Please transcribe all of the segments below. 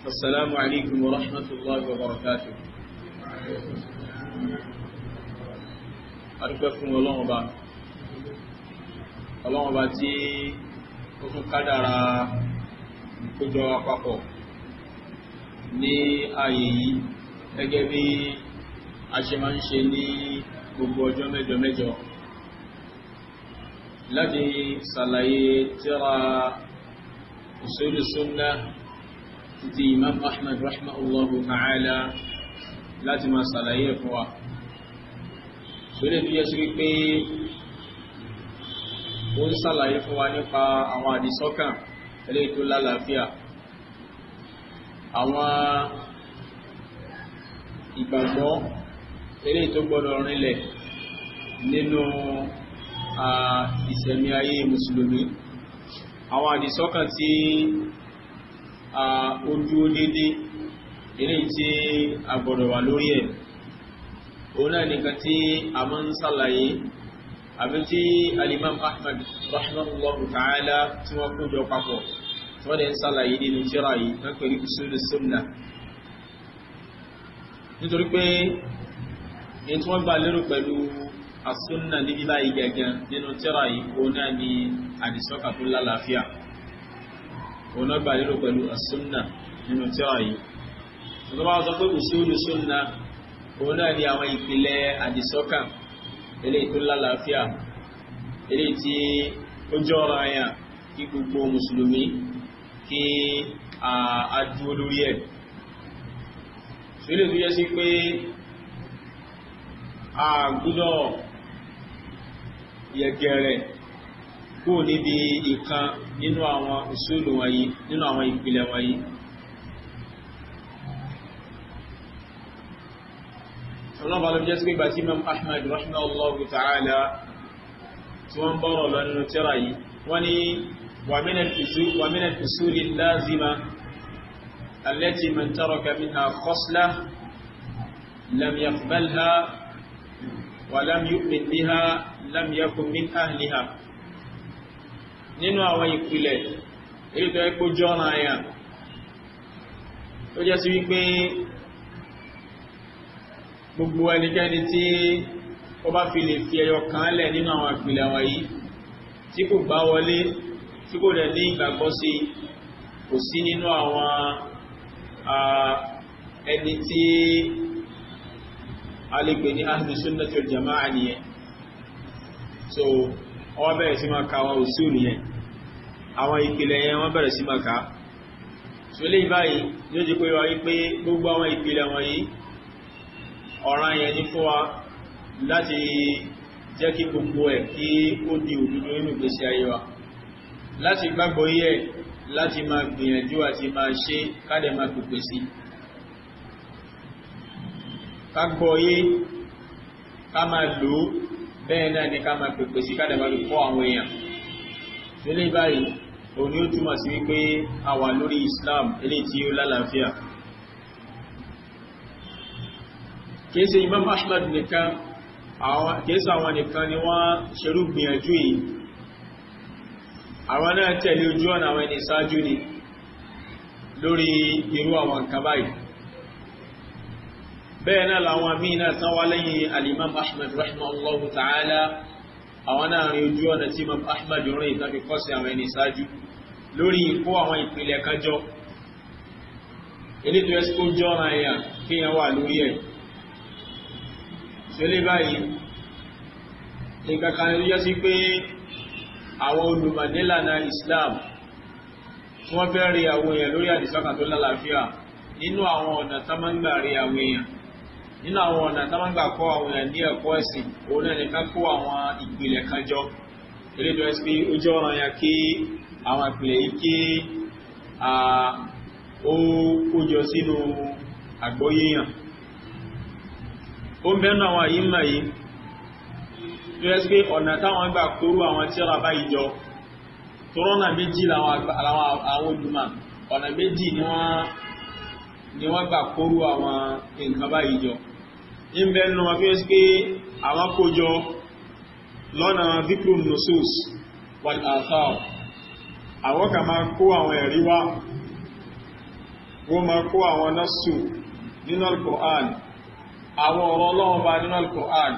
السلام عليكم ورحمة الله وبركاته adúpẹ́ الله أبا. الله ọlọ́run ọba tí ó tún kádàrá ìkójọ àpapọ̀ ní ààyè yìí gẹ́gẹ́ bí a ṣe máa ń ṣe ní gbogbo ọjọ́ mẹ́jọ mẹ́jọ láti ṣàlàyé tírà usulu sunnah títí imam ahmed rahimahullahu ta'ala láti máa ṣàlàyé ẹ̀fọ́ wa ṣẹlẹ̀ tó yẹ sí wípé ó ń ṣàlàyé fún wa nípa àwọn àdìsọ́kàn eléyìí tó lálàáfíà àwọn ìgbàgbọ́ eléyìí tó gbọ́dọ̀ rinlẹ̀ nínú ìṣẹ̀mí ayé mùsùlùmí àwọn àdìsọ́kàn tí ojú dédé eléyìí tí a gbọ́dọ̀ wà lórí ẹ̀ òun náà nìkan tí a máa ń sàlàyé àbí tí alimam ahmad rahimahullahu ta'ala tí wọ́n kó jọ papọ̀ tí wọ́n dẹ̀ ń sàlàyé nínú tírà yìí wọ́n pẹ̀lú ìṣòro sunnah nítorí pé ní tí wọ́n gbà lérò pẹ̀lú as-sunnah níbi báyìí gẹ̀gẹ̀ nínú tírà yìí òun náà ni àdìsọ́kà tó lálàáfíà òun náà gbà lérò pẹ̀lú asúnà nínú tíra yìí tó bá sọ pé usulu súnà òun náà ní àwọn ìpìlẹ̀ àdìsọ́kàn eléyìí tó lálàáfíà eléyìí tí ó jọ ọ̀rọ̀ àyà kí gbogbo mùsùlùmí kí a dúró ẹ̀ sílẹ̀ tó yẹ sí pé a gbọ́dọ̀ kó níbi ìkan nínú àwọn ìṣòlù wọ̀nyí nínú àwọn ìpìlẹ̀ wọ̀nyí ọlọ́pàá lọ́pàá jẹ́ sí pé bàtí Imam Ahmad rahimahullahu ta'ala tí wọ́n bọ́rọ̀ lọ nínú tírà yìí wọ́n ni wàmínà ìṣòlì lázima التي من ترك منها خصلة لم يقبلها ولم يؤمن بها لم يكن nínú àwọn ìpìlẹ̀ èyí tó ẹ́pọ̀ jọ́nà àyà tó jẹ́ sí wípé gbogbo ẹnikẹ́ni tí ó bá fi lè fi ẹyọ kan lẹ̀ nínú àwọn ìpìlẹ̀ àwọn yìí tí kò gbá wọlé tí kò dẹ̀ ní ìgbàgbọ́ sí kò sí nínú àwọn ẹni tí a lè pè ní ahlu sunnah wal so ọwọ́ bẹ̀rẹ̀ sí máa ka àwọn òsì ònìyàn àwọn ìpìlẹ̀ yẹn wọ́n bẹ̀rẹ̀ sí maka so lè báyìí ló jẹ́ pé wá wípé gbogbo àwọn ìpìlẹ̀ wọ̀nyí ọ̀ràn yẹn ní fún wa láti jẹ́ kí gbogbo ẹ̀ kí ó di òdodo nínú ìgbésí ayé wa láti gbàgbọ́ yẹ láti máa gbìyànjú àti máa ṣe kádẹ̀ bẹ́ẹ̀ náà ni ká máa pèpè sí kádẹ̀ máa lò fún àwọn èèyàn tó báyìí òní ó túmọ̀ sí wípé a wà lórí Islam ilé tí ó lálàáfíà kìí ṣe Imam Ahmad nìkan kìí ṣe àwọn nìkan ni wọ́n ṣerú gbìyànjú yìí àwọn náà tẹ̀lé ojú ọ̀nà àwọn ẹni ṣáájú ni lórí irú àwọn nǹkan báyìí bẹ́ẹ̀ náà làwọn míì náà tán wá lẹ́yìn al-Imam Ahmad rahimahullahu ta'ala àwọn náà rí ojú ọ̀nà tí Imam Ahmad rìn tàbí kọ́sí àwọn ẹni ṣáájú lórí ìkó àwọn ìpìlẹ̀ kan jọ elétò ẹsùkó jọra ẹ̀yà kí yẹn wà lórí ẹ̀ ṣe lè báyìí nǹkankan ló yẹ sí pé àwọn olùmọ̀délànà Islam tí wọ́n fẹ́ rí àwọn èèyàn lórí àdìsọ́kàn tó lálàáfíà nínú àwọn ọ̀nà tá máa ń gbà rí àwọn èèyàn nínú àwọn ọ̀nà tá máa ń gbà kọ́ àwọn èèyàn ní ẹ̀kọ́ ẹ̀sìn òun náà nìkan kó àwọn ìpìlẹ̀ kan ilé tó ẹ́sì pé ọ̀ràn ya kí àwọn ìpìlẹ̀ yìí kí ó kójọ sínú àgbóyéyàn ó ń bẹ́nu àwọn àyí mọ̀ yìí tó ẹ́sì pé ọ̀nà táwọn gbà kóró àwọn jọ méjì làwọn ọ̀nà méjì ni wọ́n gbà kóró àwọn nǹkan báyìí jọ ń bẹ́nu fi lọ́nà dhikru nusus wal athar àwọn kan máa kó àwọn ẹ̀rí wá wọ́n máa kó àwọn nasu nínú al-Qur'an àwọn ọ̀rọ̀ ọlọ́run bá nínú al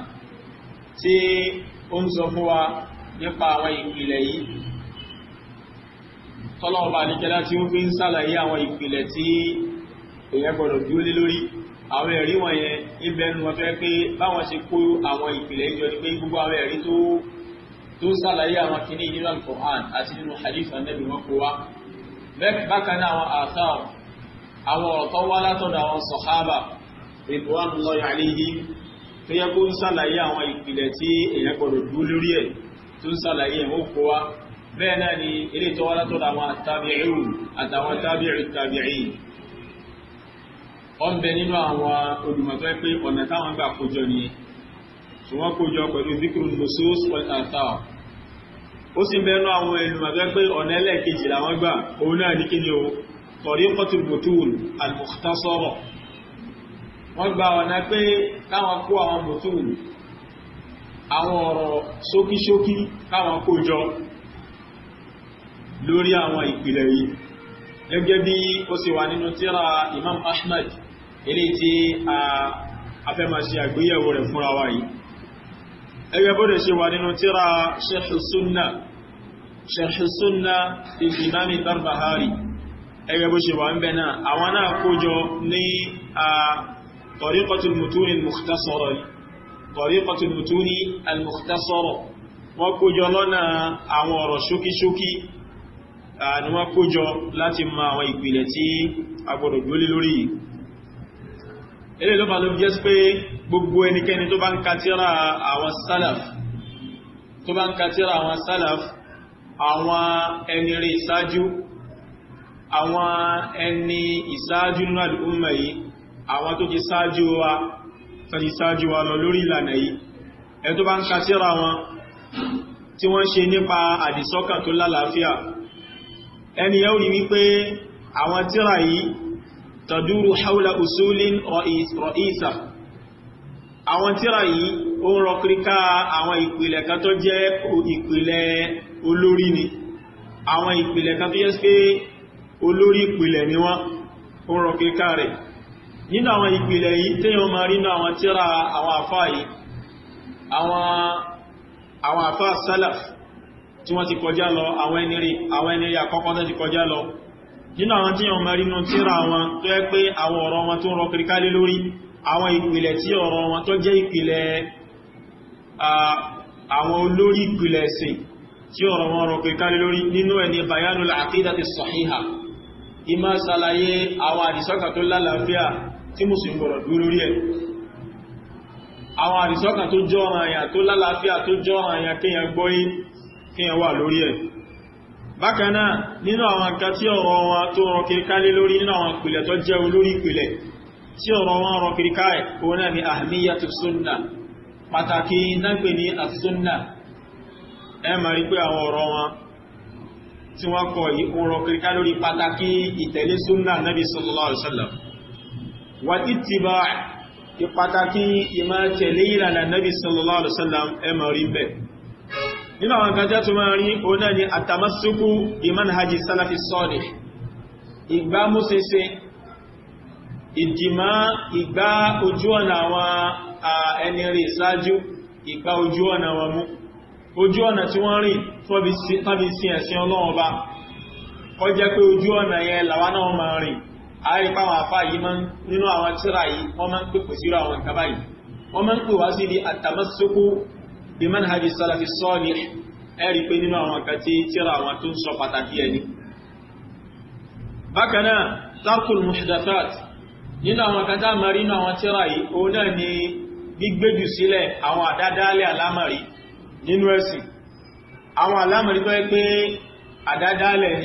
tí ó ń sọ fún wa nípa àwọn ìpìlẹ̀ yìí tọ́lọ́run bá tí ó fi ń sàlàyé àwọn ìpìlẹ̀ tí èèyàn gbọ́dọ̀ dúró lé lórí àwọn ẹ̀rí wọn yẹn ibẹ̀ nu wọn fẹ́ pé báwọn ṣe kó àwọn ìpìlẹ̀ ìjọ ni pé gbogbo àwọn ẹ̀rí tó tó ń sàlàyé àwọn kìíní nínú alukoran àti nínú hadith anabi wọn kó wa bákan náà àwọn àṣàr àwọn ọ̀rọ̀ tó wá látọ̀dọ̀ àwọn sọ̀hábà ìbúwánu lọ́yọ̀ àléhi tó yẹ kó ń sàlàyé àwọn ìpìlẹ̀ tí èèyàn gbọdọ̀ dúró lórí ẹ̀ tó ń sàlàyé ẹ̀ wọ́n kó wa bẹ́ẹ̀ náà ni eré tó wá látọ̀dọ̀ àwọn àtàbí'ù ń bẹ nínú àwọn olùmọ̀tọ́ pé ọ̀nà táwọn gbà kójọ nìyẹn tí wọ́n kójọ pẹ̀lú zikru nusus wal athar ó sì ń bẹ nínú àwọn olùmọ̀tọ́ pé ọ̀nà ẹlẹ́ẹ̀kejì làwọn gbà òun náà ní kíni o tariqatul butul al mukhtasara wọ́n gba ọ̀nà pé káwọn kó àwọn butul àwọn ọ̀rọ̀ ṣókíṣókí káwọn kójọ lórí àwọn ìpìlẹ̀ yìí gẹ́gẹ́ bí ó sì wà nínú tíra Imam Ahmed ilé tí a fẹ́ máa ṣe àgbéyẹ̀wò rẹ̀ fúnra wa yìí ẹgbẹ́ bọ́dẹ̀ ṣe wà nínú tíra ṣẹ̀ṣùsúnnà ti ìmámi Barbahari ẹgbẹ́ bó ṣe wà ń bẹ náà àwọn náà kójọ ní a tariqatul mutun al-mukhtasara tariqatul mutun al yìí ilé ló bá ló jẹ́ pé gbogbo ẹnikẹ́ni tó bá ń katíra àwọn sálàf tó bá ń katíra àwọn sálàf àwọn ẹni rí ìsáájú àwọn ẹni ìsáájú nínú àdúgbò yìí àwọn tó ti sáájú wa tó sáájú wa lọ lórí ìlànà yìí ẹni tó bá ń katíra wọn tí wọ́n ṣe nípa àdìsọ́kàn tó lálàáfíà ẹni yẹ́ rí wípé àwọn tíra yìí تدور حول أصول رئيس رئيسة àwọn tíra yìí ó ń rọ kíríká àwọn ìpìlẹ̀ kan tó jẹ́ ìpìlẹ̀ olórí ni àwọn ìpìlẹ̀ kan tó jẹ́ pé olórí ìpìlẹ̀ ni wọ́n ó ń rọ kíríká rẹ̀ nínú àwọn ìpìlẹ̀ yìí téèyàn máa rí àwọn tíra àwọn àfá yìí àwọn àwọn àfá salaf tí wọ́n ti kọjá lọ àwọn ẹni rí àwọn ẹni àkọ́kọ́ tó ti kọjá lọ nínú àwọn tí wọ́n mẹ́rinú tíra wọn tó ẹ́ pé àwọn ọ̀rọ̀ wọn tó ń rọ kìríkálé lórí àwọn ìpìlẹ̀ tí ọ̀rọ̀ wọn tó jẹ́ ìpìlẹ̀ àwọn olórí ìpìlẹ̀ ẹ̀sìn tí ọ̀rọ̀ wọn rọ kìríkálé lórí nínú ẹni bayanul aqidati sahiha ìmá ṣàlàyé àwọn àdìsọ́kà tó lálàáfíà tí mùsùlùmí gbọ́dọ̀ dúró lórí bákanáà nínú àwọn nǹkan tí ọ̀rọ̀ wọn tó rọ kiri ká lé lórí nínú àwọn ìpìlẹ̀ tó jẹ́ olórí ìpìlẹ̀ tí ọ̀rọ̀ wọn rọ kiri ká ẹ̀ òun náà ni ahmiyatu sunna pàtàkì nágbè ní as-sunna ẹ máa rí pé àwọn ọ̀rọ̀ wọn tí wọ́n kọ yìí òun lórí pàtàkì ìtẹ̀lé sunna nabi sallallahu alaihi wasallam wa nínú àwọn kan jẹ́ tó máa rí o náà ni àtàmásùkú ìmánhajì sálàfi sọ́ọ̀dì ìgbámúsẹsẹ ìdìmá ìgbá ojú ọ̀nà àwọn ẹni rí ìsájú ìgbá ojú ọ̀nà wọn mú ojú ọ̀nà tí wọ́n rìn tọ́bi sí ẹ̀sìn ọlọ́run bá kọ́ jẹ́ pé ojú ọ̀nà yẹn làwa náà máa rìn àárí páwọn afá yìí máa nínú àwọn tíra yìí wọ́n máa ń pè pèsè àwọn ìkàbá yìí wọ́n máa ń pè wá sí di àtàmásùkú bí manhaji salafi salih ẹ̀rí pé nínú àwọn kan tí tíra àwọn tó ń sọ pàtàkì ẹni bákan náà tarkul muhdathat nínú àwọn kan tá a mọ̀rí nínú àwọn tíra yìí òun náà ni gbígbéjù sílẹ̀ àwọn àdádálẹ̀ alámọ̀rí nínú ẹ̀sìn àwọn alámọ̀rí tó pé àdádálẹ̀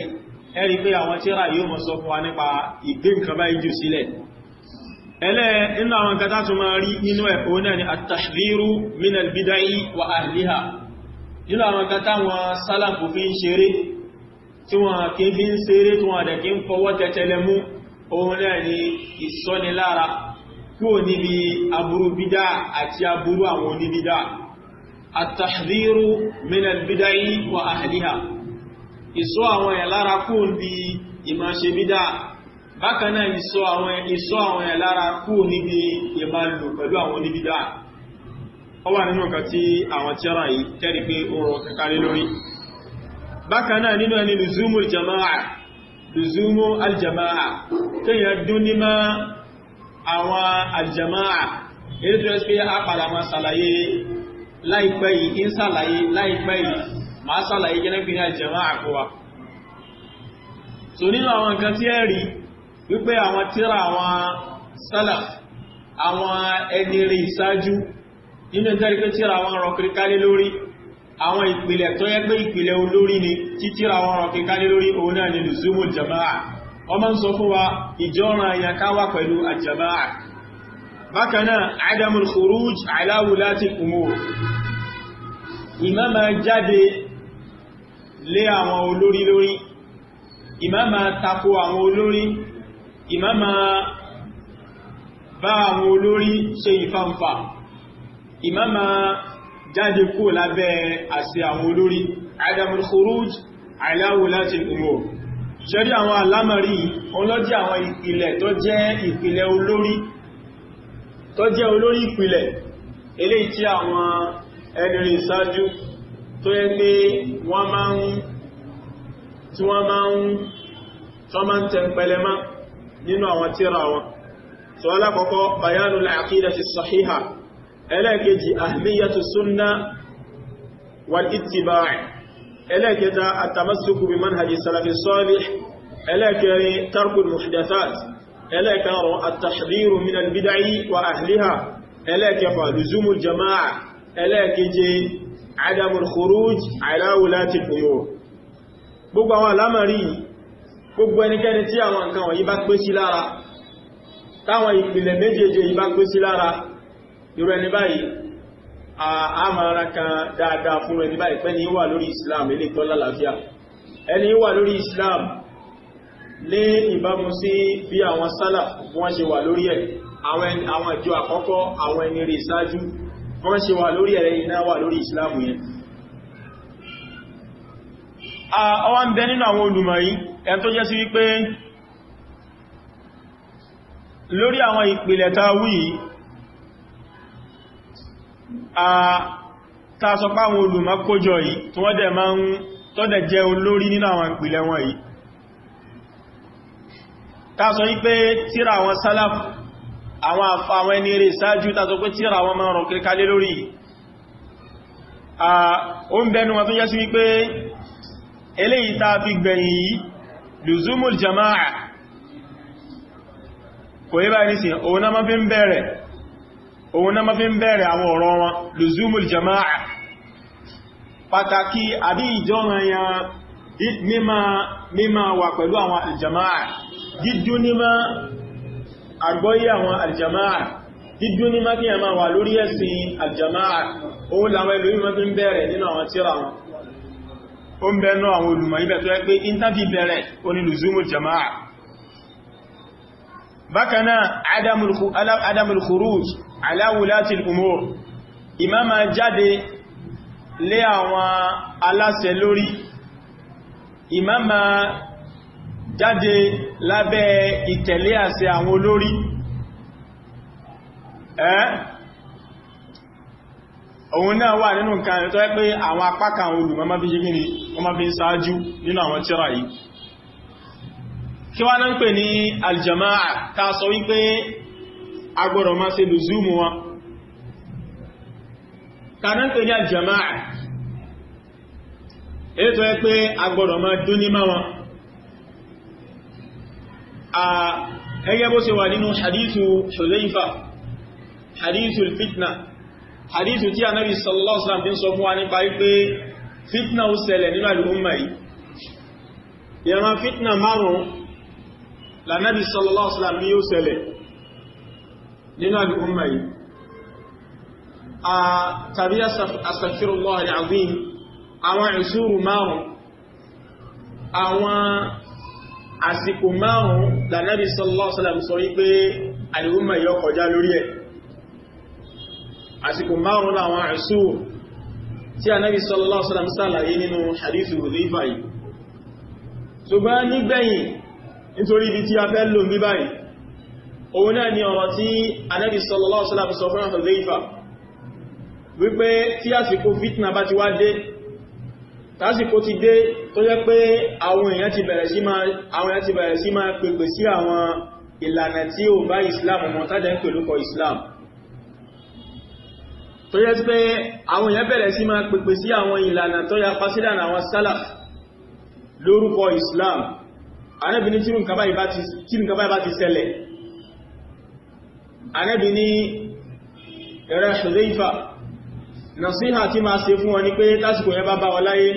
ẹ̀rí pé àwọn tíra yìí ó mọ̀ sọ fún wa nípa ìgbé nǹkan báyìí jù sílẹ̀ ẹlẹ́ inú àwọn kátà tó máa rí nínú ẹ̀ òun náà ni àtàṣírú minal bidai wa ahliha nínú àwọn kátà wọn sálà kò fi ń ṣeré tí wọn kì í fi ń ṣeré tí wọn àdẹ̀kí ń fọwọ́ tẹ̀tẹ̀lẹ̀ mú òun náà ni ìsọ́nilára kúrò bákan náà ìsọ àwọn ìsọ àwọn ẹ̀ lára kú níbi ìmá lò pẹ̀lú àwọn oníbídà ó wà nínú nǹkan tí àwọn tíra yìí tẹ́rì pé ó rọ kàkàrí lórí bákan náà nínú ẹni lùzúmù aljama'a lùzúmù aljama'a tó dún ní má àwọn aljama'a èyí tó pé a padà máa ṣàlàyé láìpẹ́ yìí ń ṣàlàyé láìpẹ́ yìí máa ṣàlàyé gẹ́gẹ́ bí kó so nínú àwọn nǹkan wípé àwọn tíra àwọn salaf àwọn ẹni rí ìsájú nínú ìtẹ́rí pé tíra àwọn ọ̀rọ̀ kíríkálé lórí àwọn ìpìlẹ̀ tó yẹ pé ìpìlẹ̀ olórí ni tí tíra àwọn ọ̀rọ̀ kíríkálé lórí òun náà ni lùzúmù jama'a wọ́n máa ń sọ fún wa ìjọ́ràn àyà káwà pẹ̀lú àjama'a bákan náà adamul khuruj ala wulati umur ìmáma jáde lé àwọn olórí lórí ìmáma tako àwọn olórí ìmáma bá àwọn olórí ṣe ìfàǹfà ìmáma jáde kó lábẹ́ àṣẹ àwọn olórí adamul khuruj ala wulati umur ṣẹ́rí àwọn alámàrí ọlọ́dí àwọn ìpìlẹ̀ tó jẹ́ ìpìlẹ̀ olórí tó jẹ́ olórí ìpìlẹ̀ eléyìí tí àwọn ẹnìrìn ìsájú tó yẹ pé wọ́n máa ń tẹ́ńpẹlẹ máa nínú àwọn tíra wọn so alákọ̀ọ́kọ́ bayanu al-aqida ti sahiha ẹlẹ́ẹ̀kejì ahmiyatu sunna wal ittiba' ẹlẹ́ẹ̀kẹta at-tamassuku bi manhaji salafi salih ẹlẹ́ẹ̀kẹrin tarkul muhdathat ẹlẹ́ẹ̀karùn at-tahdhiru min al-bid'i wa ahliha ẹlẹ́ẹ̀kẹfà luzumul jama'a ẹlẹ́ẹ̀keje adamul khuruj ala wulati al gbogbo àwọn alámàrí gbogbo ẹnikẹ́ni tí àwọn nǹkan wọ̀nyí bá pé sí lára táwọn ìpìlẹ̀ méjèèjì yìí bá pé sí lára irú ẹni báyìí àmàrà kan dáadáa fún ẹni báyìí pé ní Islam ilé tọ́lá làáfíà ẹni wà Islam ní ìbámu sí bí àwọn sálà wọ́n ṣe wà lórí ẹ̀ àwọn ìjọ àkọ́kọ́ àwọn ẹni rí ìsáájú wọ́n ṣe wà lórí Islam yẹn ọwá ń bẹ nínú àwọn olùmọ̀ yìí ẹn tó jẹ́ sí wípé lórí àwọn ìpìlẹ̀ ta wí a ta sọ páwọn olùmọ́kójọ yìí tí wọ́n dẹ̀ máa ń tọ́dẹ̀ jẹ́ olórí nínú àwọn ìpìlẹ̀ wọn yìí ta sọ wípé tíra àwọn sálàfù àwọn àfàwọn ẹni rẹ̀ sáájú ta sọ pé tíra àwọn máa rọ̀ kíkálé lórí yìí ó ń bẹnu wọn tó jẹ́ sí wípé eléyìí ta fi gbẹ̀yìn yìí lùzúmùl jama'a kò yí báyìí nísìn òun náà mafi ń bẹ̀rẹ̀ òun náà mafi ń bẹ̀rẹ̀ àwọn ọ̀rọ̀ wọn lùzúmùl jama'a pàtàkì àbí ìjọ́ranyan mímá wà pẹ̀lú àwọn aljama'a dídú nímá àgbọ́yé àwọn aljama'a dídú nímá kí ẹ máa wà lórí ẹ̀sìn aljama'a òun làwọn ẹlòmí mafi ń ó ń bẹ́nú àwọn olùmọ̀ ibẹ̀ tó yẹ pé intanfi bẹ̀rẹ̀ onílùzúmù jama'a bákanáà adamul khuruj ala wulati al-umur ìmáma jáde lé àwọn aláṣẹ lórí ìmáma jáde lábẹ́ ìtẹ̀lé àṣẹ àwọn olórí ẹ́ òun náà wà nínú nǹkan ẹ̀tọ́ pé àwọn apákan àwọn olùmọ́mọ́ bí i gíní wọ́n má fi ń sáájú nínú àwọn tírà yìí kí wá náà ń pè ní aljama'a ta sọ wípé agbọ́dọ̀ má ṣe lùzúmù wọn ta náà ń pè ní aljama'a ètò ẹ pé agbọ́dọ̀ má dúní má wọn ẹgẹ́ bó ṣe wà nínú hadithu Hudhayfa hadithu fitna hadithu tí anábi sallallahu alaihi wasallam ti ń sọ fún wa nípa wípé fitna ó ṣẹlẹ̀ nínú àlùmọ̀ yìí ìran fitna márùn-ún lànàbí sallallahu alaihi wasallam ni ó ṣẹlẹ̀ nínú àlùmọ̀ yìí a tàbí astaghfirullah al-azim àwọn ìṣúrù márùn-ún àwọn àsìkò márùn-ún lànàbí sallallahu alaihi wasallam sọ wípé àlùmọ̀ yìí ó lórí ẹ̀ àsìkò márùn láwọn ẹ̀sùn tí Ànábì sallallahu alaihi wasallam ṣàlàyé nínú hadithu Hudhayfa yìí ṣùgbọ́n nígbẹ̀yìn nítorí ibi tí a fẹ́ lò ní báyìí òun náà ni ọ̀rọ̀ tí Ànábì sallallahu alaihi wasallam sọ fún Hudhayfa wípé tí àsìkò fitna bá ti wá dé tásìkò ti dé tó jẹ́ pé àwọn èèyàn ti bẹ̀rẹ̀ sí máa àwọn tó yẹ sí pé àwọn èèyàn bẹ̀rẹ̀ sí máa pèpè sí àwọn ìlànà tó ya pásílànà àwọn salaf lórúkọ Islam Ànábì ní tírù nǹkan báyìí bá ti ṣẹlẹ̀ Ànábì ní ẹ̀rẹ́ Hudhayfa nàṣíhà tí máa ṣe fún wọn ní pé tásìkò yẹn bá bá wọ láyé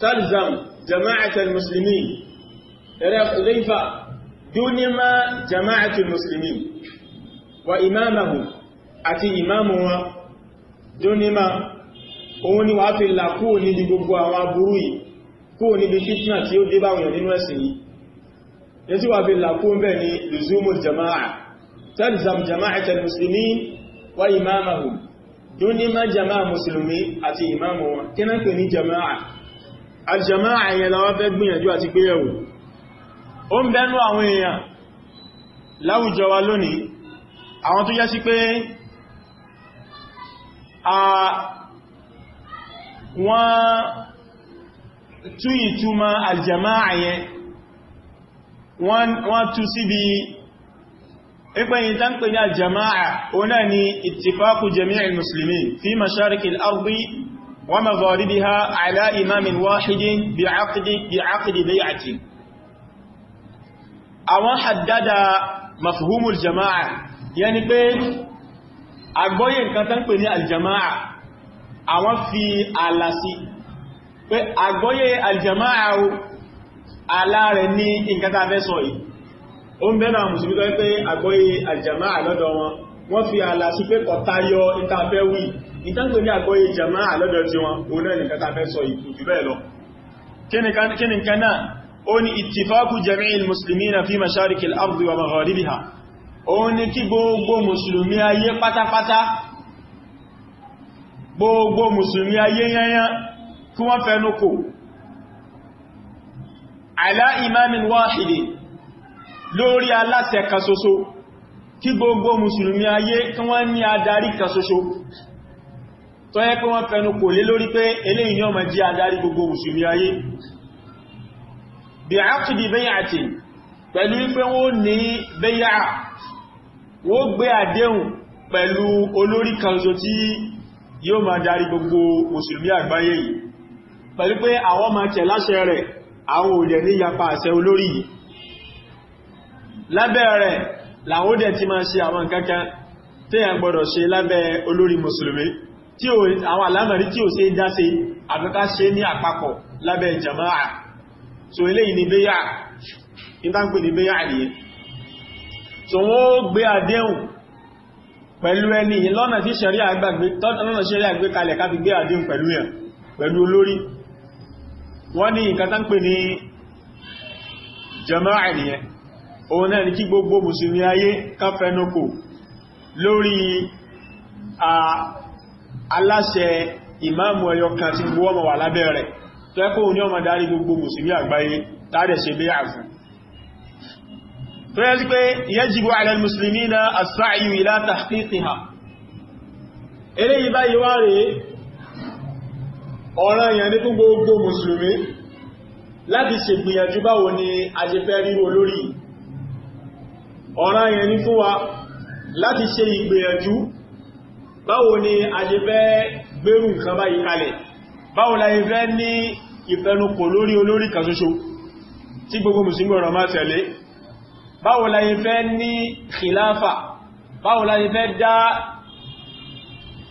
talzam jama'atul muslimin ẹ̀rẹ́ Hudhayfa dúnímà jama'atul muslimin wa imamahum àti ìmáàmù wa jónímà òun ni wà á fi là kúrò níbi gbogbo àwọn aburú yìí kúrò níbi fitna tí ó dé báwọn nínú ẹ̀sìn yìí yẹtí wà fi là kúrò bẹ́ẹ̀ ni lùzúmù jama'a tẹ́lìzàm jama'a tẹ́lì musulmi wá ìmáàmù jónímà jama'a musulmi àti ìmáàmù wọn kí pè ní jama'a aljama'a yẹn làwọn fẹ́ gbìyànjú àti gbéyàwó ó ń bẹ́nu àwọn èèyàn láwùjọ wa lónìí àwọn tó yá sí pé wọ́n tú ìtumọ̀ aljama'a yẹn wọ́n tú síbi ìpẹ̀yìn tán pè ní aljama'a ọ̀nà ni ittifaqu jami'il muslimin fi masharikil ardi wa magharibiha ala imamin wahidin bi'aqdi bi'aqdi bay'ati àwọn haddada mafhumul jama'a yani pé àgbọ́yé nǹkan tán pè ní aljamaa àwọn fi ààlà sí pé àgbọ́yé aljamaa o ààlà rẹ̀ ní nǹkan tàà fẹ́ sọ yìí ó ń bẹ́nà mùsùlùmí tó pé àgbọ́yé aljamaa lọ́dọ̀ wọn wọ́n fi ààlà sí pé kọ̀tayọ ìtàfẹ́wì ìtàǹgbè ní àgbọ́yé jamaa lọ́dọ̀ tí wọn òun náà nǹkan tàà sọ yìí kò jù bẹ́ẹ̀ lọ kí ni kan náà ó ní ittifaqu jami'il muslimina fi masharikil ardi wa magharibiha òun ni kí gbogbo mùsùlùmí ayé pátápátá gbogbo mùsùlùmí ayé yányán kí wọ́n fẹ́nu kò àìlá imamin wáhìdì lórí aláṣẹ kan ṣoṣo kí gbogbo mùsùlùmí ayé kí wọ́n ní adarí kan ṣoṣo tó yẹ pé wọ́n fẹ́nu kò lé lórí pé eléyìí ni ó máa jẹ́ adarí gbogbo mùsùlùmí ayé bí i àkìdì bẹ́yà àti pẹ̀lú wípé wọ́n ní bẹ́yà wọ́n gbé àdéhùn pẹ̀lú olórí kanṣo tí yóò máa darí gbogbo mùsùlùmí àgbáyé yìí pẹ̀lú pé àwọn máa tẹ̀ láṣẹ rẹ̀ àwọn òdẹ̀ ní yapa àṣẹ olórí yìí lábẹ́ rẹ̀ làwọn òdẹ̀ ti máa ṣe àwọn kankan tí a gbọ́dọ̀ ṣe lábẹ́ olórí mùsùlùmí tí àwọn alámọ̀rí tí ò ṣe dá ṣe àbíká ṣe ní àpapọ̀ lábẹ́ jama'a so eléyìí ni béyà ìtàǹpè ni béyà nìyẹn so wọ́n gbé àdéhùn pẹ̀lú ẹni lọ́nà tí ṣẹ̀rí àgbé kalẹ̀ ká fi gbé àdéhùn pẹ̀lú ẹ̀ pẹ̀lú olórí wọ́n ní nǹkan tán pè ní jama'a nìyẹn òun náà ni kí gbogbo mùsùlùmí ayé ká fẹnukò lórí aláṣẹ ìmáàmù ẹyọ kan tí gbogbo ọmọ wà lábẹ́ rẹ̀ tó ẹ́kọ́ òun ní ọmọ darí gbogbo tó yẹ sí pé yajibu ala al-muslimina as-sa'yu ila tahqiqiha eléyìí báyìí wá rèé ọ̀ràn yẹn ní fún gbogbo mùsùlùmí láti ṣe gbìyànjú báwo ni a ṣe fẹ́ ríro lórí ọ̀ràn yẹn ní fún wa láti ṣe ìgbìyànjú báwo ni a ṣe fẹ́ gbérù nǹkan báyìí kalẹ̀ báwo la ṣe ní ìfẹnukò lórí olórí kan tí gbogbo mùsùlùmí ọ̀ràn máa tẹ̀lé báwo la yẹ fẹ́ ní khilafa báwo la yẹ fẹ́ dá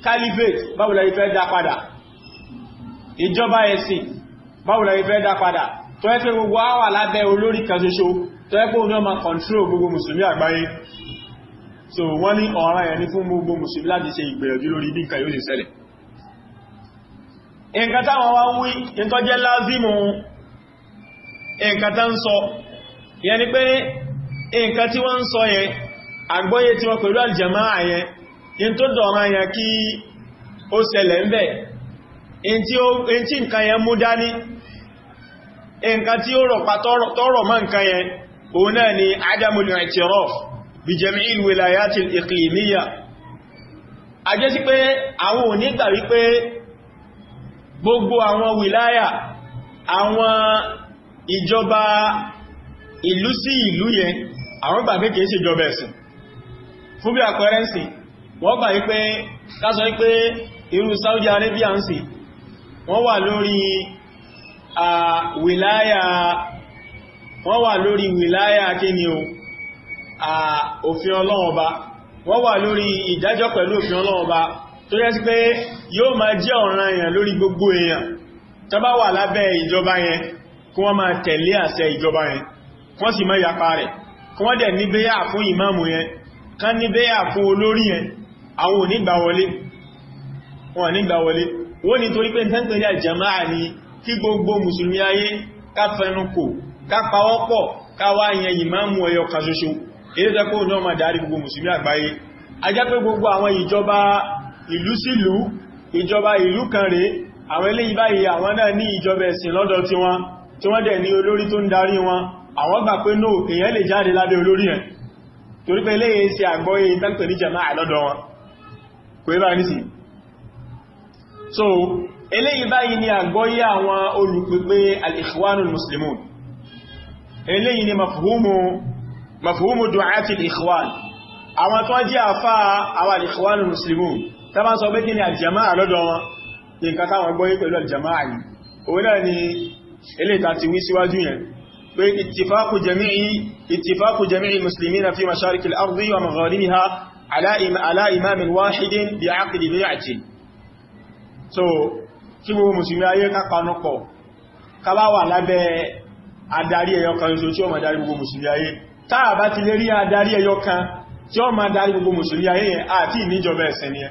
caliphate báwo la yẹ fẹ́ dá padà ìjọba ẹ̀sìn báwo la yẹ fẹ́ dá padà tó yẹ pé gbogbo á wà lábẹ́ olórí kan ṣoṣo tó yẹ pé òun náà máa control gbogbo mùsùlùmí àgbáyé so wọ́n ní ọ̀ràn ẹni fún gbogbo mùsùlùmí láti ṣe ìgbìyànjú lórí bí nǹkan yóò ṣe ṣẹlẹ̀ nǹkan táwọn wá ń wí nǹkan jẹ́ lázìmù nǹkan tá sọ yẹni pé nǹkan tí wọ́n ń sọ yẹn àgbọ́yé tí wọ́n pẹ̀lú aljamaa yẹn in tó dọ̀rọ̀ yẹn kí ó ṣẹlẹ̀ ń bẹ̀ in tí nǹkan yẹn mú dání nǹkan tí ó rọ̀pá tọ́rọ̀ mọ́ nǹkan yẹn òun náà ni ìjọba ìlú sí ìlú àwọn gbà pé kìí ṣe ìjọba ẹ̀sìn fún bí àpẹẹrẹ sí wọ́n gbà wípé kásọ wípé irú Saudi Arabia ń sì wọ́n wà lórí wìláyà wọ́n wà lórí wìláyà kíni o òfin Ọlọ́run Ọba wọ́n wà lórí ìdájọ́ pẹ̀lú òfin Ọlọ́run Ọba tó yẹ sí pé yóò máa jẹ́ ọ̀ràn èèyàn lórí gbogbo èèyàn tó bá wà lábẹ́ ìjọba yẹn kí wọ́n máa tẹ̀lé àṣẹ ìjọba yẹn wọ́n sì máa yapa rẹ̀ wọ́n dẹ̀ níbéyà fún ìmáàmù yẹn kán níbéyà fún olórí yẹn àwọn onígbà wọn nígbà wọ́n ni torí pé tẹ́ntẹ̀lẹ̀ àjàmáà ni kí gbogbo mùsùlùmí ayé ká fẹnukò ká pawọ́pọ̀ ká wá yẹn ìmáàmù ẹyọ kan ṣoṣo èyí tẹ́ kó náà máa darí gbogbo mùsùlùmí àgbáyé ajá pé gbogbo àwọn ìjọba ìlú sílù ìjọba ìlú kan rèé àwọn eléyìí báyìí àwọn náà ní ìjọba ẹ̀sìn lọ́dọ̀ tiwọn tí wọ́n dẹ̀ ní olórí tó ń darí wọn àwọn gbà pé no èyàn lè jáde lábẹ́ olórí ẹ̀ torí pé lè ṣe àgbọ́yé ìtàkùn ní jama'a lọ́dọ̀ wọn kò yí bá ní sí so eléyìí báyìí ni àgbọ́yé àwọn olùpẹ̀pẹ̀ al-ikhwanul muslimun eléyìí ni mafhumu mafhumu du'ati al-ikhwan àwọn tó jẹ́ àfá àwọn al-ikhwanul muslimun tá bá sọ pé kí ni al-jama'a lọ́dọ̀ wọn nǹkan táwọn gbọ́yé بين اتفاق جميع اتفاق جميع المسلمين في مشارق الأرض ومغاربها على على إمام واحد بعقد بيعة so kí gbogbo mùsùlùmí ayé kápánú pọ̀ kábá wà lábẹ́ adarí ẹyọ kan tó tí ó ma darí gbogbo mùsùlùmí ayé táà bá ti lè rí adarí ẹyọ kan tí ó ma darí gbogbo mùsùlùmí ayé yẹn àti ìníjọba ẹ̀sìn ni ẹ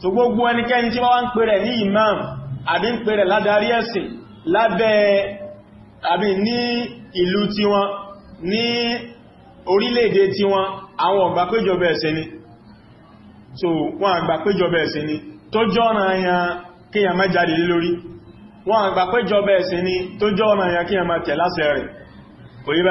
so gbogbo ẹnikẹ́ni tí wọ́n wá ń pè rẹ̀ ní imam àbí ń pè rẹ̀ ládarí ẹ̀sìn lábẹ́ àbí ní ìlú tí wọ́n ní orílẹ̀-èdè tí wọ́n àwọn ọ̀gbà péjọba ẹ̀sẹ̀ ni so wọ́n àgbà péjọba ẹ̀sẹ̀ ni tó jọ́ ọ̀nà àyàn kíyàn má jáde lé lórí wọ́n àgbà péjọba ẹ̀sẹ̀ ni tó jọ́ ọ̀nà àyàn kíyàn má tẹ̀ láṣẹ rẹ̀ kò yí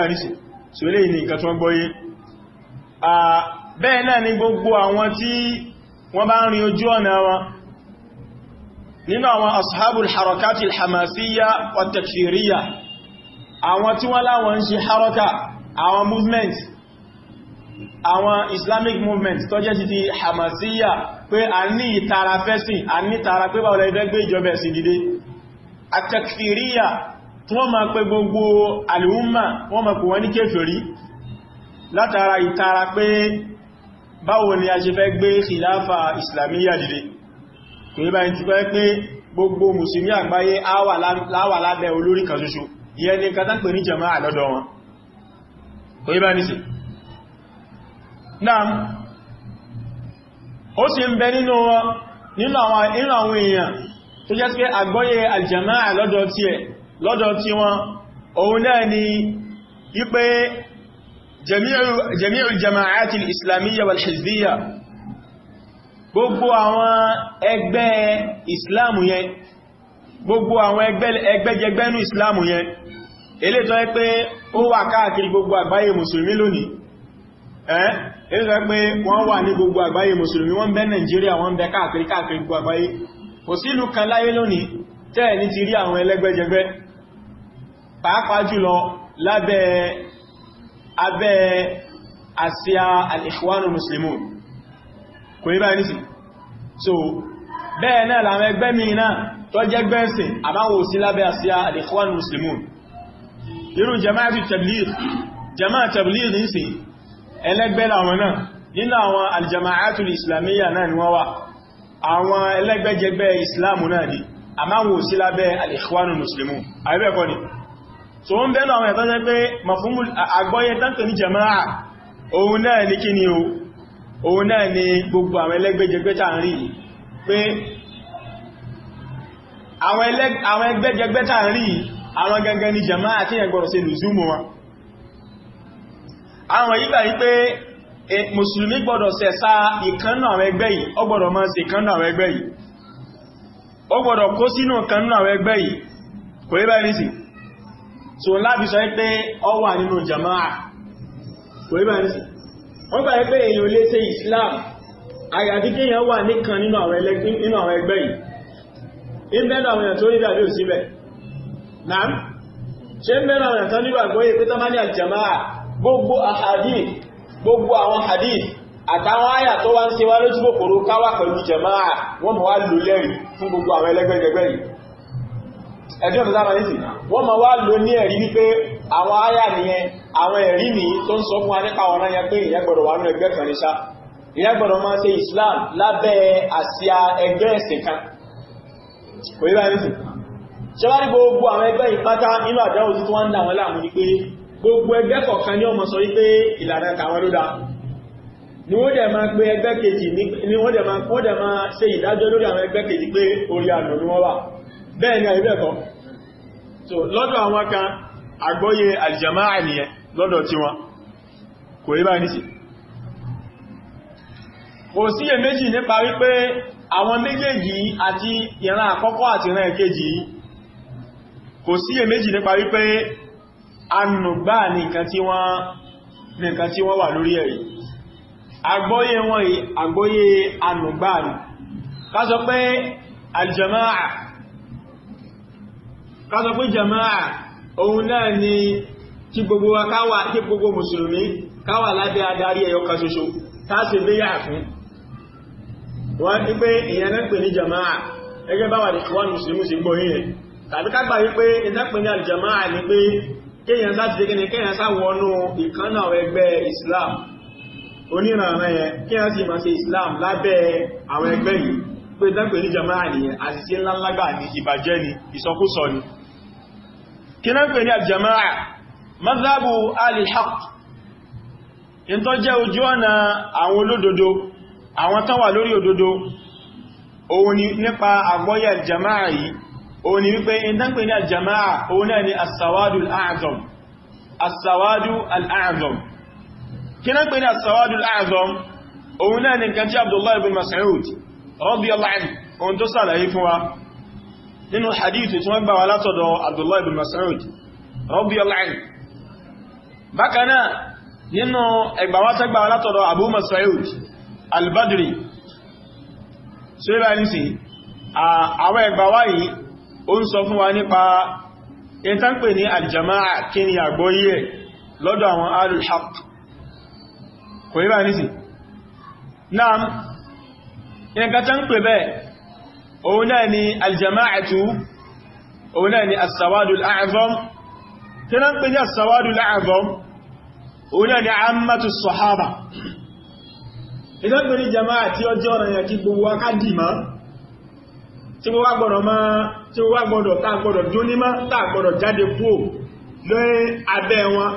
ashabul harakati alhamasiyya wa takfiriyya àwọn tí wọ́n láwọn ń ṣe haraka àwọn movement àwọn islamic movement tó jẹ́ ti ti hamasiyya pé a ní ìtara fẹ́sìn a ní ìtara pé báwọn ẹgbẹ́ gbé ìjọba ẹ̀sìn dìde atakfiriya tí wọ́n máa pè gbogbo alìhúnmà wọ́n máa pè wọ́n ní kéfèrí látara ìtara pé báwo ni a ṣe fẹ́ gbé khilafa islamiyya dìde kò ní báyìí pé gbogbo mùsùlùmí àgbáyé láwà lábẹ́ olórí kan ṣoṣo ìyẹn ni nǹkan tánpẹ̀ ní jama'a lọ́dọ̀ wọn kò yí bá ní sí náà ó sì ń bẹ nínú wọn nínú àwọn èèyàn tó jẹ́ pé àgbọ́yé aljama'a lọ́dọ̀ tí ẹ̀ lọ́dọ̀ tí wọn òun náà ni wípé jami'ul jama'ati islamiyya wal hizbiyya gbogbo àwọn ẹgbẹ́ islamu yẹn gbogbo àwọn ẹgbẹ́ jẹgbẹ́nú yẹn elétọ́ ẹ pé ó wà káàkiri gbogbo àgbáyé mùsùlùmí lónìí ẹ́ elétọ́ ẹ pé wọ́n wà ní gbogbo àgbáyé mùsùlùmí wọ́n bẹ Nàìjíríà wọ́n bẹ káàkiri káàkiri gbogbo àgbáyé kò sí ìlú kan láyé lónìí tẹ́ẹ̀ ní ti rí àwọn ẹlẹ́gbẹ́jẹgbẹ́ pàápàá jùlọ lábẹ́ abẹ́ àsíá al-Ikhwan kò ní báyìí nìsìn so bẹ́ẹ̀ náà làwọn ẹgbẹ́ mi náà tó jẹ́gbẹ́sìn àbáwò sí lábẹ́ àsíá al-Ikhwan irú jama'atu tabligh jama'a tabligh ní sí ẹlẹ́gbẹ́ làwọn náà nínú àwọn aljama'atul islamiyya náà ni wọ́n wà àwọn ẹlẹ́gbẹ́jẹgbẹ́ islamu náà ni a máa wò sí lábẹ́ al-ikhwanul muslimun àríbẹ̀kọ́ ni so ń bẹ́nu àwọn ẹ̀tọ́ pé mafhumul àgbọ́yẹ tántò ní jama'a òun náà ni kíni àwọn gangan ni jama'a tí yẹn gbọ́rọ̀ sí lùzúmù wọn àwọn yìí yí pé e, mùsùlùmí gbọ́dọ̀ sẹ̀sá ìkannú àwọn ẹgbẹ́ yìí ó gbọ́dọ̀ máa ṣe ìkannú àwọn ẹgbẹ́ yìí ó gbọ́dọ̀ kó sínú ìkannú àwọn ẹgbẹ́ yìí kò yí báyìí sí so ọ wà nínú jama'a kò yí báyìí sí wọ́n gbà pé èèyàn lè ṣe Islam àyàfi kéèyàn wà nínú àwọn ẹgbẹ́ yìí naam. ṣe ń bẹ́rẹ̀ ọ̀rẹ̀ tán nígbà gbọ́yẹ̀ pé tọ́mání aljamaa gbogbo ahadith gbogbo awon hadith àtàwọn àyà tó wá ń ṣe wá lójú kòkòrò káwà pẹ̀lú jamaa wọ́n mọ̀ wá lò fun gbogbo àwọn ẹlẹ́gbẹ́gbẹ́ yìí ẹjọ́ tó sára nítì wọ́n wá ní ẹ̀rí wípé àwọn nìyẹn àwọn ẹ̀rí mi tó ń sọ fún wa nípa yẹn Islam lábẹ́ àsíá ẹgbẹ́ ẹ̀sìn kan ṣẹwárí gbogbo àwọn ẹgbẹ́ ìpátá inú àdáwò tí wọ́n ń dà wọ́n láàmú ni pé gbogbo ẹgbẹ́ kọ̀ọ̀kan ní ọmọ sọ wípé ìlànà tàwọn ló ni wọ́n dẹ̀ máa pé ẹgbẹ́ kejì ni wọ́n dẹ̀ máa ṣe ìdájọ́ lórí àwọn ẹgbẹ́ kejì pé orí àlò ni wọ́n wà bẹ́ẹ̀ ni àìbẹ̀ kọ́ so lọ́dọ̀ àwọn kan àgbọ́yé aljamaa nìyẹn lọ́dọ̀ tí wọn kò rí bá ní sí kò sí iyèméjì nípa wípé àwọn méjèèjì àti ìran àkọ́kọ́ àti ìran ẹ̀kejì yìí kò sí èméjì nípa wípé anùgbà ní nǹkan tí wọ́n wà lórí ẹ̀rí àgbọ́yé wọn yìí àgbọ́yé anùgbà ní ká pé aljamaa ká pé jamaa òun náà ni kí gbogbo wa káwà kí gbogbo mùsùlùmí káwà lábẹ́ adarí ẹyọ kan ṣoṣo táàsì léyà fún wọ́n ní pé ìyẹn ní jamaa ẹgbẹ́ báwà ní wọ́n mùsùlùmí tàbí ká gbà wípé ìtẹ́pẹ̀ ní aljamaa ní pé kéèyàn sá ti dé kíni kéèyàn sá wọnú ìkánná ẹgbẹ́ Islam onírànà yẹn kéèyàn sì máa ṣe Islam lábẹ́ àwọn ẹgbẹ́ yìí pé ìtẹ́pẹ̀ ní jamaa nìyẹn àṣìṣe ńláńlágbà ní ìbàjẹ́ ni ìsọkúsọ ni kí náà pè ní aljamaa mazhabu alihaq in tó jẹ́ ojú ọ̀nà àwọn olódodo àwọn tán wà lórí òdodo òun ni nípa àgbọ́yẹ̀ aljamaa yìí ó ní wípé ìdánpẹ̀ ní àjàmáà òun náà ni asawadu al'azom asawadu al'azom kí náà pẹ̀ ní asawadu al'azom òun náà ni nǹkan tí abdullahi ibn mas'ud radiyallahu anhu ohun tó sàlàyé fún wa nínú hadith tí wọ́n gbà wá látọ̀dọ̀ abdullahi ibn mas'ud radiyallahu anhu bákan náà nínú ẹgbàwátá ó ń sọ fún wa nípa ìtànpè ní aljama'a kí ni àgbóyí ẹ̀ lọ́dọ̀ àwọn alulhaq kò yí bá nìsí náà nǹkan tán pè bẹ́ẹ̀ òun náà ni aljama'atu òun náà ni asawadul a'azam tí náà pè ní asawadul a'azam òun náà ni ammatu sahaba ìtànpè ní jama'a tí ọjọ́ ọ̀rọ̀ yẹn kí gbogbo wa ká dì mọ́ tí gbogbo wa gbọ́dọ̀ máa tí ó wá gbọ́dọ̀ tá gbọ́dọ̀ jónímá tá gbọ́dọ̀ jáde kúò lórí abẹ́ wọn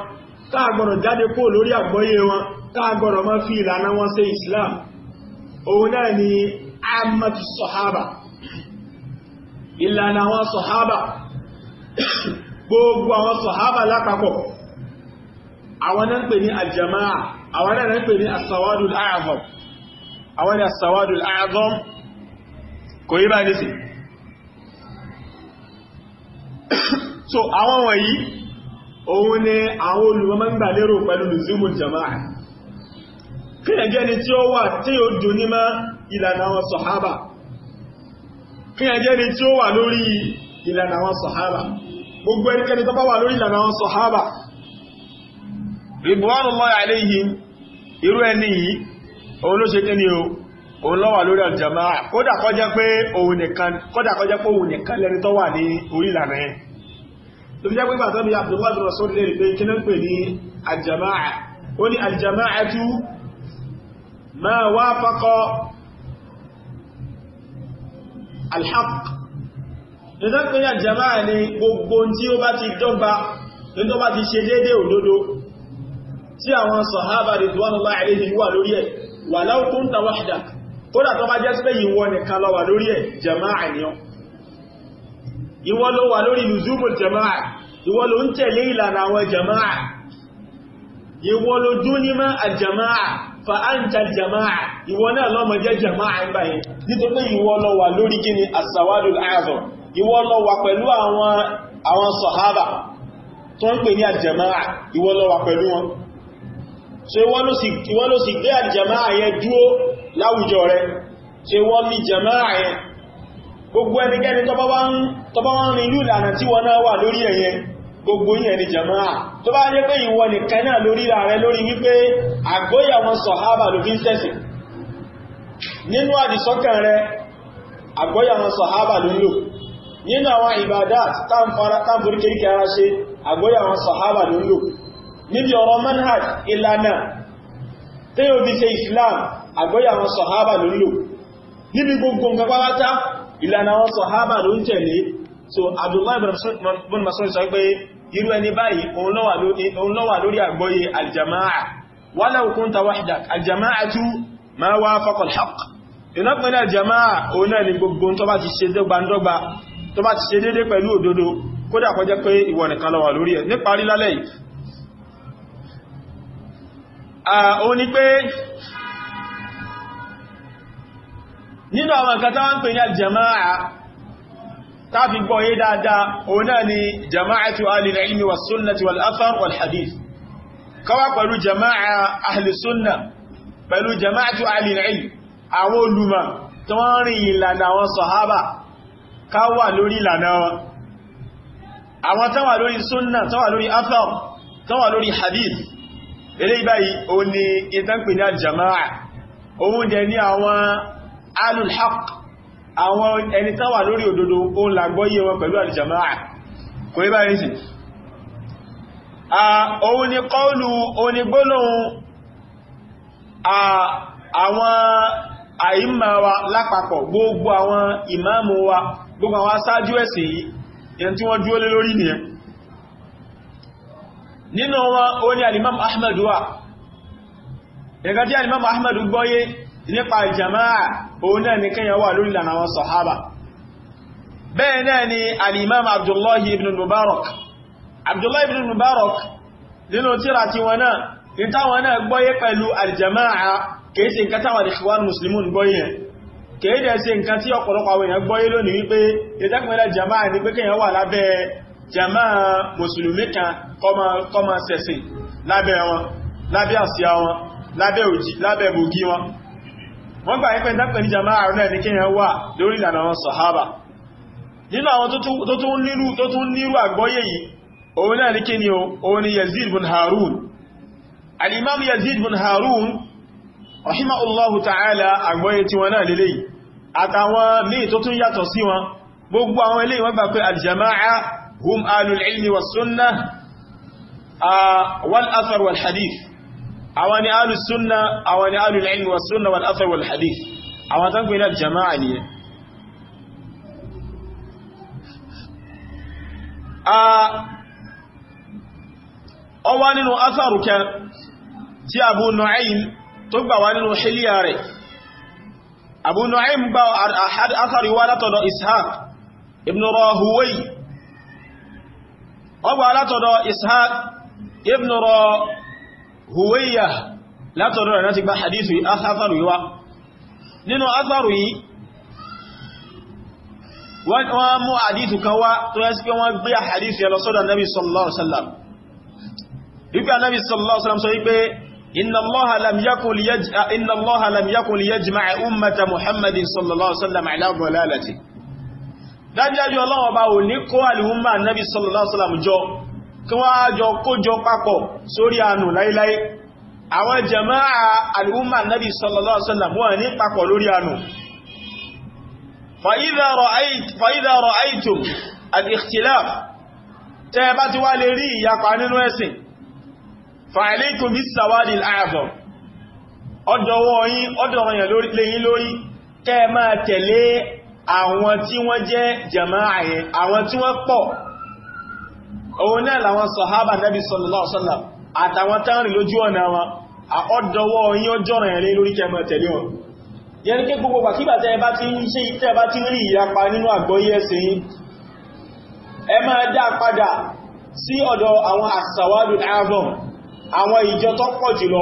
tá gbọ́dọ̀ jáde kúò lórí àgbọ́yé wọn tá gbọ́dọ̀ má fi ìlànà wọn ṣe Islam òun náà ni amatu sọ̀hábà ìlànà àwọn sọ̀hábà gbogbo àwọn sọ̀hábà lápapọ̀ àwọn náà ń pè ní aljamaa àwọn náà ń pè ní asawadul a'azam àwọn ni asawadul a'azam kò yí bá ní sí so àwọn wọ̀nyí òun ni àwọn olùmọ́mọ́ ń gbà lérò pẹ̀lú lùzúmù jama'a kíyàn ni tí ó wà tí ó dò ní má ìlànà àwọn sọ̀hábà kíyàn gbogbo ẹnikẹ́ni tó bá wà lórí ìlànà àwọn sọ̀hábà ridwanullahi alayhim òun lọ́wà lórí aljamaa kódà kó jẹ́ pé òun nìkan kódà kó jẹ́ pé òun nìkan lẹ́ni tó wà ní orí ìlànà ẹ̀ tó fi jẹ́ pé bàtọ́ bí abdullahi rasul lè rí pé kí ló ń pè ní aljamaa ó ní aljamaa tú ma wafaqa alhaq ìdọ́pẹ́ ní aljamaa ni gbogbo tí ó bá ti dọ́gba ní tó bá ti ṣe déédé òdodo tí àwọn sàhábà ridwanullahi alayhim wà lórí ẹ̀ walau kunta wahdak kódà tó bá jẹ́ sí pé ìwọ nìkan ló wà lórí ẹ̀ jama'a ni ọ́ ìwọ ló wà lórí luzumul jama'a ìwọ ló ń tẹ̀lé ìlànà àwọn jama'a ìwọ ló dún ní mọ́ àjama'a fa anta jama'a ìwọ náà lọ́mọ jẹ́ jama'a ń báyìí nítorí ìwọ láwùjọ rẹ̀ ṣe wọ́n ní jẹ̀máà yẹn gbogbo ẹnikẹ́ni tọ́bá wọ́n rin ìlú ìlànà tí wọ́n náà wà lórí ẹ̀yẹ gbogbo yẹn ni jẹ̀máà tó bá yẹ pé wọn nìkan náà lórí rẹ̀ lórí wípé àgbóyà wọn sọ̀hábà ló ń ló lò nínú àwọn Islam àgbọ́yà àwọn sọ̀hábà ló ń lò níbi gbogbo nǹkan pátá ìlànà àwọn sọ̀hábà ló ń tẹ̀lé so Abdullahi bin Mas'ud sọ pé irú ẹni báyìí òun lọ́wà lórí àgbọ́yé aljamaa walau kunta wahdak aljamaatu ma wafaqa alhaq ìnápínlẹ̀ aljamaa òun náà ni gbogbo tó bá ti ṣe dọ́gbandọ́gba tó bá ti ṣe dédé pẹ̀lú òdodo kódà kó jẹ́ pé ìwọ nìkan ló wà lórí ẹ̀ níparí nínú àwọn ǹkan táwọn ń pè ní aljama'a táfi gbọ́ yé dáadáa òun náà ni jama'atu alil ilmi was sunnati wal athar wal hadith káwà pẹ̀lú jama'a ahli sunna pẹ̀lú jama'atu alil ilmi àwọn olùmọ̀ tó wọ́n rìn ìlànà àwọn sọ̀hábà káwà lórí ìlànà wọn àwọn táwà alul haqq àwọn ẹni tán wà lórí òdodo ó ń làgbọ́yé wọn pẹ̀lú alìjàmáà kò rí báyìí sí òun ni kọ́ọ̀lù onígbónòun àwọn àìmà wa lápapọ̀ gbogbo àwọn ìmáàmù wa gbogbo àwọn aṣáájú ẹ̀sìn yìí yẹn tí wọ́n dúró lé lórí nìyẹn nínú nípa jama'a òun náà ni kíyàn wà lórí ìlànà àwọn sọ̀hábà bẹ́ẹ̀ náà ni al'imam abdullahi ibn mubarak abdullahi ibn mubarak nínú tíra ti wọn náà ní táwọn náà gbọ́yé pẹ̀lú aljama'a kìí sí nǹkan táwọn ikhwan muslimun gbọ́yé kìí dẹ̀ sí nǹkan tí ọ̀pọ̀lọpọ̀ àwọn èèyàn gbọ́yé lónìí wípé ìtẹ́kùnlẹ̀ jama'a ni pé kíyàn wà lábẹ́ jama'a musulmi kan kọmọ sẹ̀sìn lábẹ́ wọn lábẹ́ àsíá wọn lábẹ́ òjì lábẹ́ bògí wọn wọ́n gbà ipẹ́ dápẹ̀ ní jama'a náà ní kíyàn wà lórí ìlànà àwọn sọ̀hábà nínú àwọn tó tún nírú tó tún nírú àgbọ́yé yìí òun náà ní kí ni òun ni yazid bin harun al-imam yazid bin harun rahimahullahu ta'ala àgbọ́yé tí wọn náà lélẹ̀ àtàwọn míì tó tún yàtọ̀ sí wọn gbogbo àwọn ilé wọn gbà pé aljama'a hum alul ilmi wa sunnah ah, wal athar wal hadith àwọn ni alu sunna àwọn ni alu ilmi wa sunna wal athar wal hadith àwọn tán pè ní aljama'a ni a ọwá nínú atharu kan tí abu nu'aym tó gbà wá nínú hiliya rẹ̀ abu nu'aym gbà athari wá látọ̀dọ̀ ishaq ibn rahuwai ọgbà látọ̀dọ̀ ishaq ibn rahuwai huwayya látọ̀dọ̀ rẹ̀ láti gba hadithu asáfàrù yíwá nínú asáfàrù yìí wọ́n mú hadithu kan wá tó yẹ́ sí pé wọ́n gbé hadithu yẹ lọ sọ́dọ̀ nabi sallallahu alaihi wasallam wípé nabi sallallahu alaihi wasallam sọ wípé inna allaha lam yakun liyajma inna allaha lam yakun liyajma'a ummata muhammadin sallallahu alaihi wasallam ala dalalati dájájú ọlọ́wọ́ bá ò ní sallallahu kí wọ́n jọ kójọ papọ̀ sórí àánú láíláí àwọn jama'a al'umma nabi sallallahu alaihi wasallam wọ́n ní papọ̀ lórí àánú fa idha ra'aytum al-ikhtilaf tẹ́ bá ti wá lè rí ìyapa nínú ẹ̀sìn fa alaykum bis-sawadil a'zam ọdọ̀wọ́ yín ọdọ̀rọ̀ wọ́n jẹ́ jama'a òun náà làwọn sọ̀hábà nẹ́bí sallallahu alaihi wasallam àtàwọn tánrì lójú ọ̀nà wọn àọ́dọwọ́ yín ọjọ́ rẹ̀ lé lórí kẹmọ tẹ̀lé wọn yẹn ní kí gbogbo pàkígbà tẹ́ bá ti ń ṣe ìtẹ́ bá ti ń rí ìyapa nínú àgbọ́yé ẹ̀sìn yín ẹ máa dá padà sí ọ̀dọ̀ àwọn àsàwádùn avon àwọn ìjọ tó pọ̀ jùlọ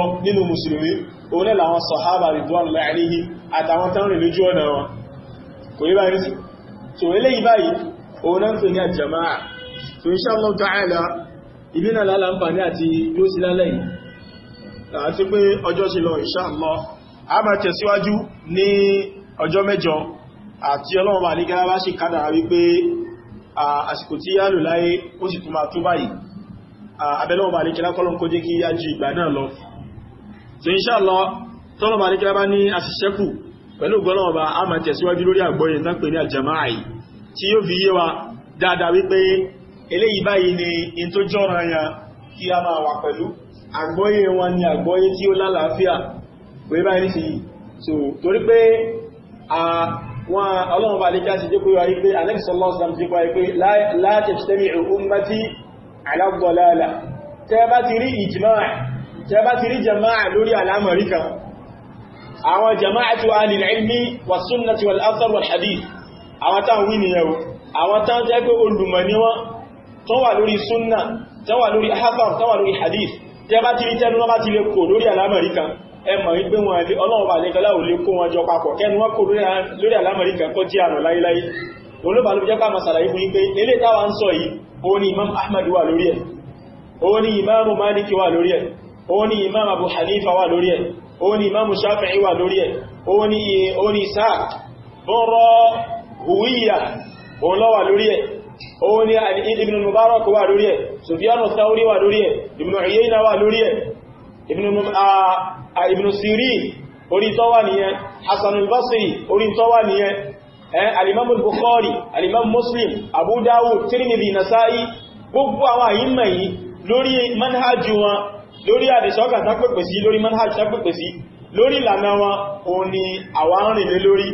so insha Allah ta'ala ibi náà lálà ń fàní àti yóò sí lálẹ́ yìí àti pé ọjọ́ sí lọ insha Allah a máa tẹ̀síwájú ní ọjọ́ mẹ́jọ àti ọlọ́run àlígára bá sì kádàrá wípé àsìkò tí yálò láyé ó sì tún máa tó báyìí abẹ́lọ́run àlígára kọ́lọ́n kó jẹ́ kí á ju ìgbà náà lọ so insha Allah tọ́lọ́run àlígára bá ní àṣìṣẹ́kù pẹ̀lú gọ́lọ́ọ̀bá a máa tẹ̀síwájú lórí àgbọ́yẹ̀ tán pè ní àjàmáà yìí tí yóò fi yé wa dáadáa wípé eléyìí báyìí ni in tó jọ́ra ya kí a máa wà pẹ̀lú àgbọ́yé wọn ni àgbọ́yé tí ó lálàáfíà pé báyìí sí so torí pé àwọn ọlọ́run bá lè já sí jẹ́kọ́ wáyé pé Ànábì sallallahu alaihi wasallam jẹ́kọ́ wáyé pé la tajtami'u ummati ala dalala tẹ́ bá ti rí ijma' tẹ́ bá ti rí jama'a lórí àlámọ̀rí kan àwọn jama'a tó ahli al-ilmi was-sunnati wal-athar wal-hadith àwọn táwọn wí nìyẹn àwọn táwọn jẹ́ pé olùmọ̀ ni wọ́n tó wà lórí súnnà tó wà lórí hathar tó wà lórí hadith tẹ bá ti rí tẹnu wọn bá ti lè kò lórí àlámọ̀rí kan ẹ mọ̀ wọn àti ọlọ́run bá lẹ́gbẹ̀lá ò kó wọn jọ papọ̀ kẹnu wọn kò lórí àlámọ̀rí kan kó tí àrùn láíláí olóbàálù jẹ́ ká fún yí ilé táwa ń sọ yìí òun ni imam ahmad wà lórí ẹ̀ òun ni imam maliki wà lórí ẹ̀ òun ni imam abu hanifa wà lórí ẹ̀ òun ni imam shafi'i wà lórí ẹ̀ òun ni isaac bọ́rọ̀ huwiya òun ló lórí ẹ̀ òun ni ibn mubarak wà lórí ẹ̀ sufyanu thauri wà lórí ẹ̀ ibn uyayna wà lórí ẹ̀ ibn Siri, orí tó wà nìyẹn hasan al-basri orí tó wà nìyẹn al-imam bukhari Alimam muslim abu dawud tirmidhi nasa'i gbogbo àwọn àyímọ̀ yìí lórí manhajj wọn lórí àdìsọ́kà tápẹ̀pẹ̀ sí lórí manhajj tápẹ̀pẹ̀ sí lórí ìlànà wọn o ni àwọn arìnrìn lórí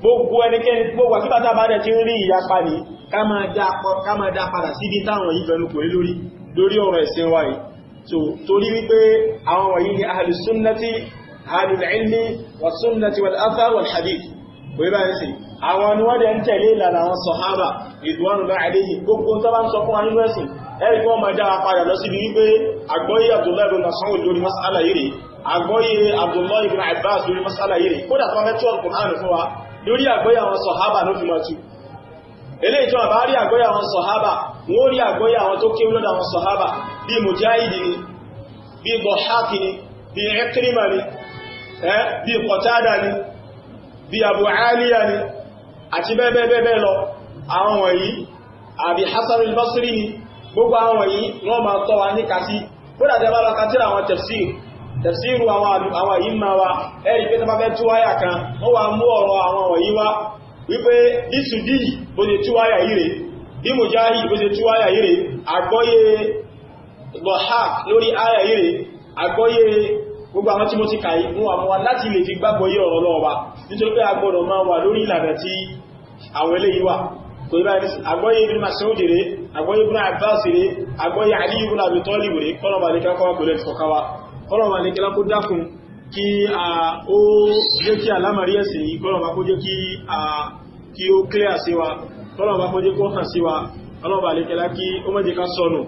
gbogbo ẹnikẹ́ni gbogbo àkíbàtà bá dẹ̀ tí ń rí ìyapa nìí ká máa dá padà síbi táwọn yìí fẹ́nu kò rí lórí lórí ọ̀rọ̀ ẹ̀sìn wa yìí so torí wípé àwọn wọ̀nyí ni ahlu sunnati ahlu ilmi wa sunnati wal athar wal hadith kò yí báyìí sí àwọn ni wọ́n dẹ̀ ń tẹ̀lé ìlànà àwọn sọ̀hábà ridwanullahi alayhi gbogbo tó bá ń sọ fún wa nínú ẹ̀sìn ẹ̀rí kí wọ́n máa dá padà lọ síbi wípé àgbọ́yé Abdullahi ibn Mas'ud lórí eléyìí tí wọ́n bá rí àgbọ́yà àwọn sọ̀hábà wọ́n rí àgbọ́yà àwọn tó kéwú lọ́dọ̀ àwọn sọ̀hábà bí mujahidi ni bí bọ̀háàkì ni bí ẹkírìmà ni bí kọ̀tádà ni bí abu aliya ni àti bẹ́ẹ̀bẹ́ẹ̀ lọ àwọn wọ̀nyí àbí hasan al-basri ni gbogbo àwọn wọ̀nyí wọ́n máa tọ́ wa ní kásí kódà tẹ́ bá lọ kátírà àwọn tafsir tafsiru àwọn àyíma wa ẹ̀rí wípé bíṣùdí bó ṣe tú àyà yìí rẹ̀ bí mujahid bó ṣe tú àyà yìí rẹ̀ àgbọ́yé Dhahhak lórí àyà yìí rẹ̀ àgbọ́yé gbogbo àwọn tí mo ti kàí mú láti lè fi gbàgbọ́ yí ọ̀rọ̀ lọ́ọ̀bá nítorí pé agbọ́dọ̀ máa wà lórí ìlànà tí àwọn eléyìí wà kò agbọ́yé agbọ́yé kí ó clear sí wa tọ́lọ̀bá kọjẹ́ kó hàn sí wa ọlọ́bà àlékẹ́lá kí ó mọ́jẹ́ ká sọnù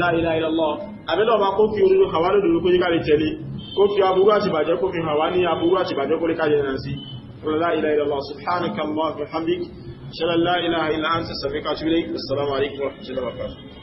la ilaha illallah àbẹ́lọ́bà kó fi orúdó hàwá lòdòdó kó jẹ́ ká lè tẹ̀lé kó fi aburú àti bàjẹ́ kó fi hàwá ní aburú àti bàjẹ́ kó lè ká jẹ́ sí la ilaha illallah subhanaka allahumma wa bihamdik ashhadu an la ilaha illa anta astaghfiruka wa atubu ilayk assalamu alaikum wa rahmatullahi wa barakatuh